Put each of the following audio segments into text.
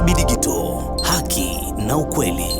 Kibidigito, haki na ukweli.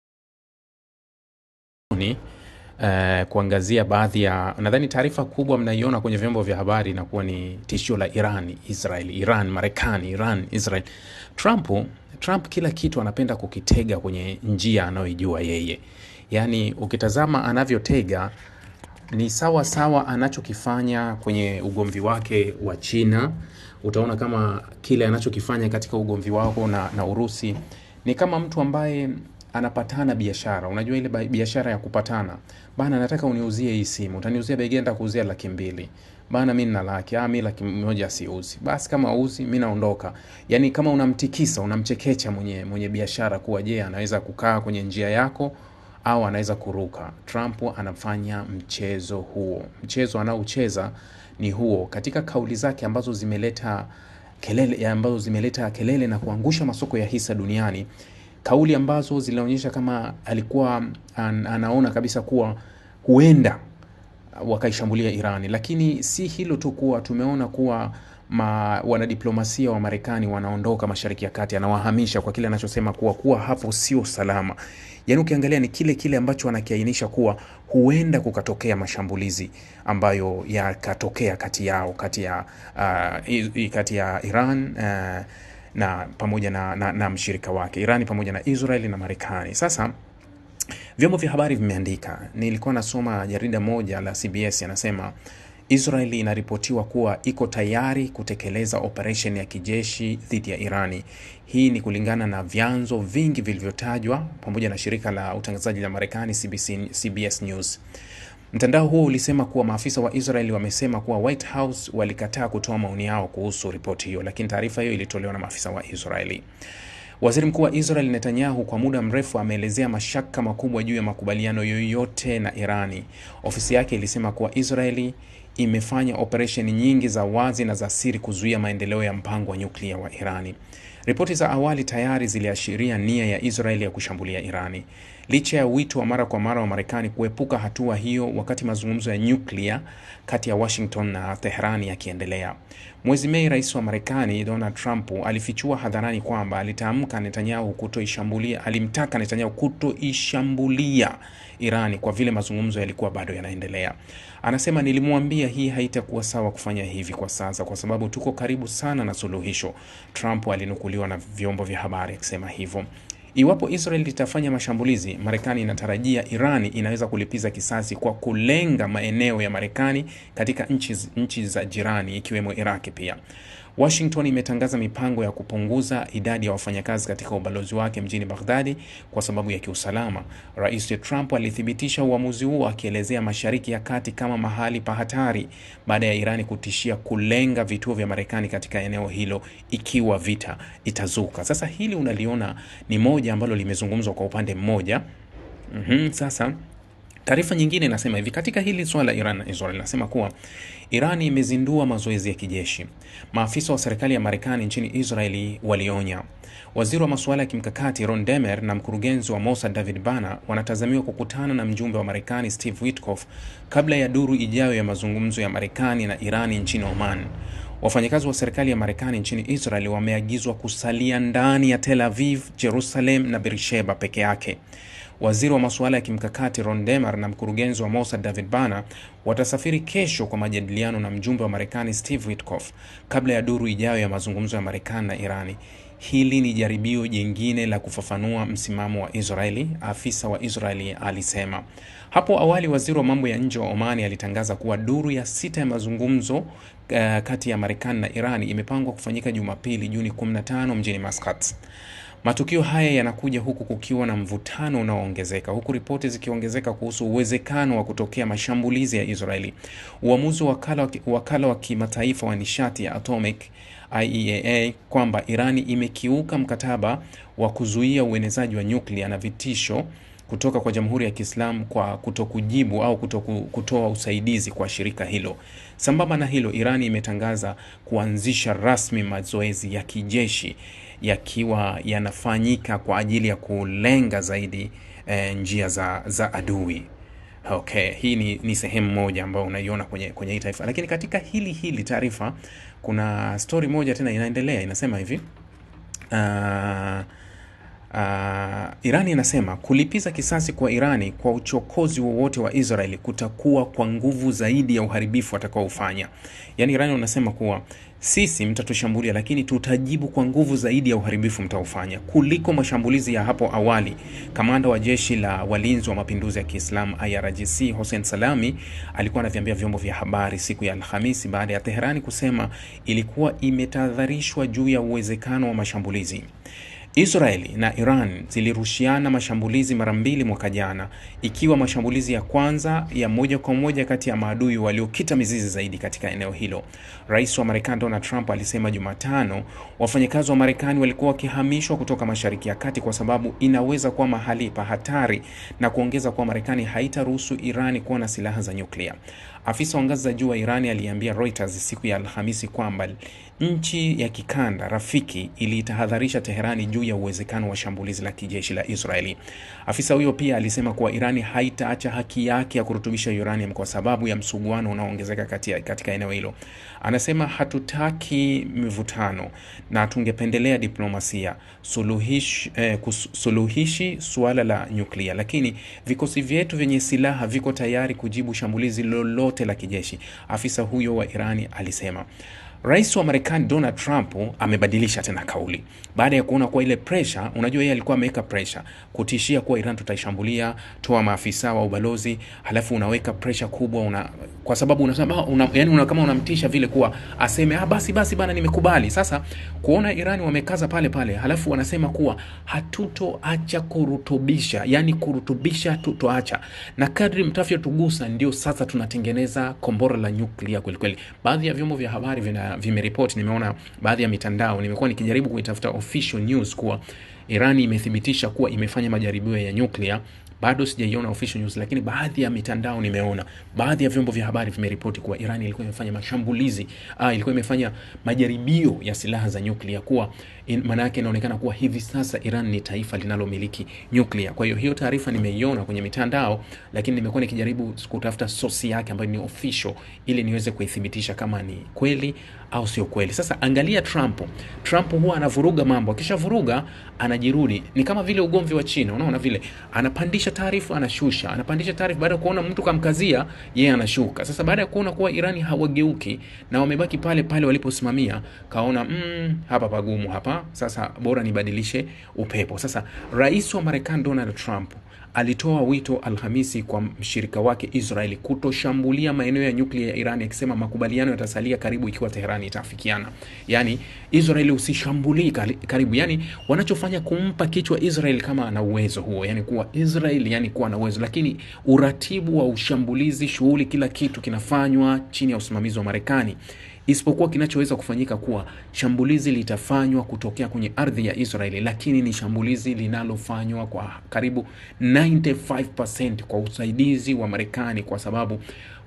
maoni uh, eh, kuangazia baadhi ya, nadhani taarifa kubwa mnaiona kwenye vyombo vya habari inakuwa ni tishio la Iran, Israel, Iran, Marekani, Iran, Israel. Trump, Trump kila kitu anapenda kukitega kwenye njia anayoijua yeye, yaani ukitazama anavyotega ni sawa sawa anachokifanya kwenye ugomvi wake wa China. Utaona kama kile anachokifanya katika ugomvi wako na, na Urusi ni kama mtu ambaye anapatana biashara. Unajua ile biashara ya kupatana bana, nataka uniuzie hii simu, utaniuzia bei gani? Nitakuuzia laki mbili bana, mimi nina laki ah, mimi laki moja siuzi. Basi kama uzi, mimi naondoka. Yani kama unamtikisa, unamchekecha mwenye mwenye biashara kuwa, je, anaweza kukaa kwenye njia yako au anaweza kuruka. Trump anafanya mchezo huo, mchezo anaocheza ni huo, katika kauli zake ambazo zimeleta kelele ambazo zimeleta kelele na kuangusha masoko ya hisa duniani kauli ambazo zilionyesha kama alikuwa an, anaona kabisa kuwa huenda wakaishambulia Irani. Lakini si hilo tu, kuwa tumeona kuwa ma, wanadiplomasia wa Marekani wanaondoka Mashariki ya Kati, anawahamisha kwa kile anachosema kuwa kuwa hapo sio salama. Yaani ukiangalia ni kile kile ambacho anakiainisha kuwa huenda kukatokea mashambulizi ambayo yakatokea kati yao kati ya uh, kati ya Iran uh, na pamoja na, na, na mshirika wake Irani pamoja na Israeli na Marekani. Sasa vyombo vya habari vimeandika, nilikuwa nasoma jarida moja la CBS anasema Israeli inaripotiwa kuwa iko tayari kutekeleza operesheni ya kijeshi dhidi ya Irani. Hii ni kulingana na vyanzo vingi vilivyotajwa pamoja na shirika la utangazaji la Marekani CBS News. Mtandao huo ulisema kuwa maafisa wa Israel wamesema kuwa White House walikataa kutoa maoni yao kuhusu ripoti hiyo, lakini taarifa hiyo ilitolewa na maafisa wa Israeli. Waziri Mkuu wa Israel Netanyahu kwa muda mrefu ameelezea mashaka makubwa juu ya makubaliano yoyote na Irani. Ofisi yake ilisema kuwa Israeli imefanya operesheni nyingi za wazi na za siri kuzuia maendeleo ya mpango wa nyuklia wa Irani. Ripoti za awali tayari ziliashiria nia ya Israeli ya kushambulia Irani licha ya wito wa mara kwa mara wa Marekani kuepuka hatua hiyo wakati mazungumzo ya nyuklia kati ya Washington na Teherani yakiendelea. Mwezi Mei, rais wa Marekani Donald Trump alifichua hadharani kwamba alitamka Netanyahu kutoishambulia, alimtaka Netanyahu kutoishambulia Irani kwa vile mazungumzo yalikuwa bado yanaendelea. Anasema, nilimwambia hii haitakuwa sawa kufanya hivi kwa sasa, kwa sababu tuko karibu sana na suluhisho. Trump alinukuliwa na vyombo vya habari akisema hivyo. Iwapo Israel litafanya mashambulizi, Marekani inatarajia Irani inaweza kulipiza kisasi kwa kulenga maeneo ya Marekani katika nchi, nchi za jirani ikiwemo Iraki pia. Washington imetangaza mipango ya kupunguza idadi ya wafanyakazi katika ubalozi wake mjini Baghdadi kwa sababu ya kiusalama. Rais Trump alithibitisha uamuzi huo akielezea Mashariki ya Kati kama mahali pa hatari baada ya Irani kutishia kulenga vituo vya Marekani katika eneo hilo ikiwa vita itazuka. Sasa hili unaliona ni moja ambalo limezungumzwa kwa upande mmoja. Mm -hmm, sasa Taarifa nyingine inasema hivi katika hili swala la Iran na Israel, inasema kuwa Iran imezindua mazoezi ya kijeshi. Maafisa wa serikali ya Marekani nchini Israeli walionya. Waziri wa masuala ya kimkakati Ron Demer na mkurugenzi wa Mossad David Bana wanatazamiwa kukutana na mjumbe wa Marekani Steve Witkoff kabla ya duru ijayo ya mazungumzo ya Marekani na Irani nchini Oman. Wafanyakazi wa serikali ya Marekani nchini Israel wameagizwa kusalia ndani ya Tel Aviv, Jerusalem na Beersheba peke yake. Waziri wa masuala ya kimkakati Ron Demar na mkurugenzi wa Mossad David Bana watasafiri kesho kwa majadiliano na mjumbe wa Marekani Steve Witkoff kabla ya duru ijayo ya mazungumzo ya Marekani na Irani. Hili ni jaribio jingine la kufafanua msimamo wa Israeli, afisa wa Israeli alisema. Hapo awali waziri wa mambo ya nje wa Omani alitangaza kuwa duru ya sita ya mazungumzo uh, kati ya Marekani na Irani imepangwa kufanyika Jumapili Juni 15 mjini Muscat. Matukio haya yanakuja huku kukiwa na mvutano unaoongezeka, huku ripoti zikiongezeka kuhusu uwezekano wa kutokea mashambulizi ya Israeli. Uamuzi wa wakala, wa kimataifa wa nishati ya atomic IEAA kwamba Irani imekiuka mkataba wa kuzuia uenezaji wa nyuklia na vitisho kutoka kwa Jamhuri ya Kiislamu kwa kutokujibu au kutoku, kutoa usaidizi kwa shirika hilo. Sambamba na hilo, Irani imetangaza kuanzisha rasmi mazoezi ya kijeshi yakiwa yanafanyika kwa ajili ya kulenga zaidi e, njia za, za adui. Okay, hii ni, ni sehemu moja ambayo unaiona kwenye, kwenye hii taarifa, lakini katika hili hili taarifa kuna stori moja tena inaendelea inasema hivi uh, ah, Uh, ah, Irani inasema kulipiza kisasi kwa Irani kwa uchokozi wowote wa Israeli kutakuwa kwa nguvu zaidi ya uharibifu watakaoufanya. Yaani Irani unasema kuwa sisi mtatushambulia, lakini tutajibu kwa nguvu zaidi ya uharibifu mtaofanya kuliko mashambulizi ya hapo awali. Kamanda wa jeshi la walinzi wa mapinduzi ya Kiislamu IRGC hussein Salami alikuwa anaviambia vyombo vya habari siku ya Alhamisi baada ya Teherani kusema ilikuwa imetahadharishwa juu ya uwezekano wa mashambulizi. Israeli na Iran zilirushiana mashambulizi mara mbili mwaka jana, ikiwa mashambulizi ya kwanza ya moja kwa moja kati ya maadui waliokita mizizi zaidi katika eneo hilo. Rais wa Marekani Donald Trump alisema Jumatano wafanyakazi wa Marekani walikuwa wakihamishwa kutoka Mashariki ya Kati kwa sababu inaweza kuwa mahali pa hatari, na kuongeza kuwa Marekani haitaruhusu Irani kuwa na silaha za nyuklia. Afisa wa ngazi za juu wa Irani aliambia Reuters siku ya Alhamisi kwamba nchi ya kikanda rafiki ilitahadharisha Teherani juu ya uwezekano wa shambulizi la kijeshi la Israeli. Afisa huyo pia alisema kuwa Irani haitaacha haki yake ya kurutubisha uranium kwa sababu ya msuguano unaoongezeka katika eneo hilo. Anasema, hatutaki mivutano na tungependelea diplomasia eh, suluhishi, eh, suala la nyuklia, lakini vikosi vyetu vyenye silaha viko tayari kujibu shambulizi lolote lolote la kijeshi, afisa huyo wa Irani alisema. Rais wa Marekani Donald Trump amebadilisha tena kauli baada ya kuona kuwa ile pressure, unajua yeye alikuwa ameweka pressure kutishia kuwa Iran tutaishambulia, toa maafisa wa ubalozi, halafu unaweka pressure kubwa una, kwa sababu unasema una, yani una, kama unamtisha vile kuwa aseme ah, basi basi bana, nimekubali. Sasa kuona Iran wamekaza pale pale, halafu wanasema kuwa hatutoacha kurutubisha, yani kurutubisha tutoacha, na kadri mtafyo tugusa ndio sasa tunatengeneza kombora la nyuklia kwelikweli. Baadhi ya vyombo vya habari vina vimeripoti, nimeona baadhi ya mitandao, nimekuwa nikijaribu kuitafuta official news kuwa Iran imethibitisha kuwa imefanya majaribio ya nyuklia bado sijaiona official news, lakini baadhi ya mitandao nimeona baadhi ya vyombo vya habari vimeripoti kuwa Iran ilikuwa imefanya mashambulizi ah, ilikuwa imefanya majaribio ya silaha za nyuklia, kuwa maana yake inaonekana kuwa hivi sasa Iran ni taifa linalomiliki nyuklia. Kwa hiyo hiyo taarifa nimeiona kwenye mitandao, lakini nimekuwa nikijaribu kutafuta sosi yake ambayo ni official, ili niweze kuithibitisha kama ni kweli au sio kweli? Sasa angalia Trump. Trump huwa anavuruga mambo, akishavuruga anajirudi. Ni kama vile ugomvi wa China, unaona vile anapandisha taarifa anashusha, anapandisha taarifa. Baada ya kuona mtu kamkazia, yeye anashuka. Sasa baada ya kuona kuwa Irani hawageuki na wamebaki pale pale waliposimamia, kaona mm, hapa pagumu hapa, sasa bora nibadilishe upepo. Sasa rais wa Marekani Donald Trump alitoa wito Alhamisi kwa mshirika wake Israeli kutoshambulia maeneo ya nyuklia ya Irani akisema makubaliano yatasalia karibu ikiwa Teherani itafikiana Yaani Israeli usishambulii karibu, yaani wanachofanya kumpa kichwa israel kama ana uwezo huo, yani kuwa Israel, yani kuwa na uwezo, lakini uratibu wa ushambulizi, shughuli, kila kitu kinafanywa chini ya usimamizi wa Marekani isipokuwa kinachoweza kufanyika kuwa shambulizi litafanywa kutokea kwenye ardhi ya Israeli, lakini ni shambulizi linalofanywa kwa karibu 95% kwa usaidizi wa Marekani kwa sababu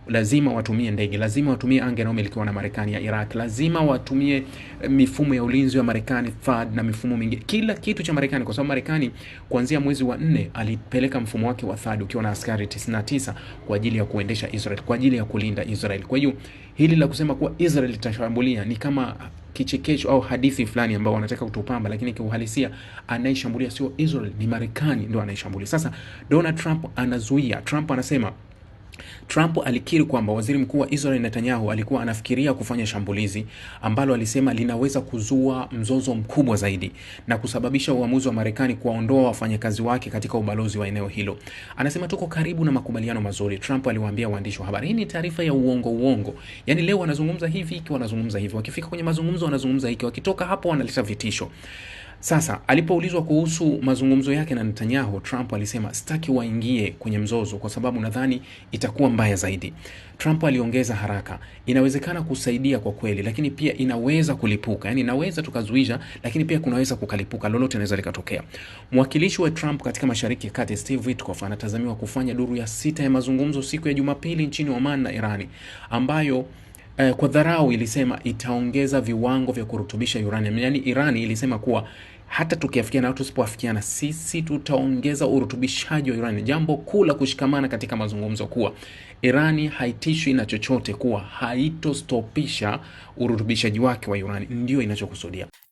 lazima watumie ndege, lazima watumie anga inayomilikiwa na Marekani ya Iraq, lazima watumie eh, mifumo ya ulinzi wa Marekani THAAD na mifumo mingine, kila kitu cha Marekani, kwa sababu Marekani kuanzia mwezi wa nne alipeleka mfumo wake wa THAAD ukiwa na askari 99 kwa ajili ya kuendesha Israel, kwa ajili ya kulinda Israel. Kwa hiyo hili la kusema kuwa Israel itashambulia ni kama kichekesho au hadithi fulani ambao wanataka kutupamba, lakini kiuhalisia anayeshambulia sio Israel, ni Marekani ndio anayeshambulia. Sasa Donald Trump anazuia. Trump anasema Trump alikiri kwamba waziri mkuu wa Israel Netanyahu alikuwa anafikiria kufanya shambulizi ambalo alisema linaweza kuzua mzozo mkubwa zaidi na kusababisha uamuzi wa Marekani kuwaondoa wafanyakazi wake katika ubalozi wa eneo hilo. Anasema tuko karibu na makubaliano mazuri, Trump aliwaambia waandishi wa habari. Hii ni taarifa ya uongo uongo, yaani leo wanazungumza hivi, hiki wanazungumza hivi, wakifika kwenye mazungumzo wanazungumza hiki, wakitoka hapo wanaleta vitisho. Sasa alipoulizwa kuhusu mazungumzo yake na Netanyahu, Trump alisema sitaki waingie kwenye mzozo kwa sababu nadhani itakuwa mbaya zaidi. Trump aliongeza haraka, inawezekana kusaidia kwa kweli, lakini pia inaweza kulipuka. Yani inaweza tukazuisha, lakini pia kunaweza kukalipuka, lolote inaweza likatokea. Mwakilishi wa Trump katika Mashariki ya Kati Steve Witkoff anatazamiwa kufanya duru ya sita ya mazungumzo siku ya Jumapili nchini Oman na Irani ambayo eh, kwa dharau ilisema itaongeza viwango vya kurutubisha uranium. Yani Irani ilisema kuwa hata tukiafikiana au tusipoafikiana, sisi tutaongeza urutubishaji wa urani. Jambo kuu la kushikamana katika mazungumzo kuwa Irani haitishwi na chochote, kuwa haitostopisha urutubishaji wake wa urani, ndio inachokusudia.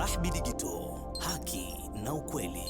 Rahby Digital, haki na ukweli.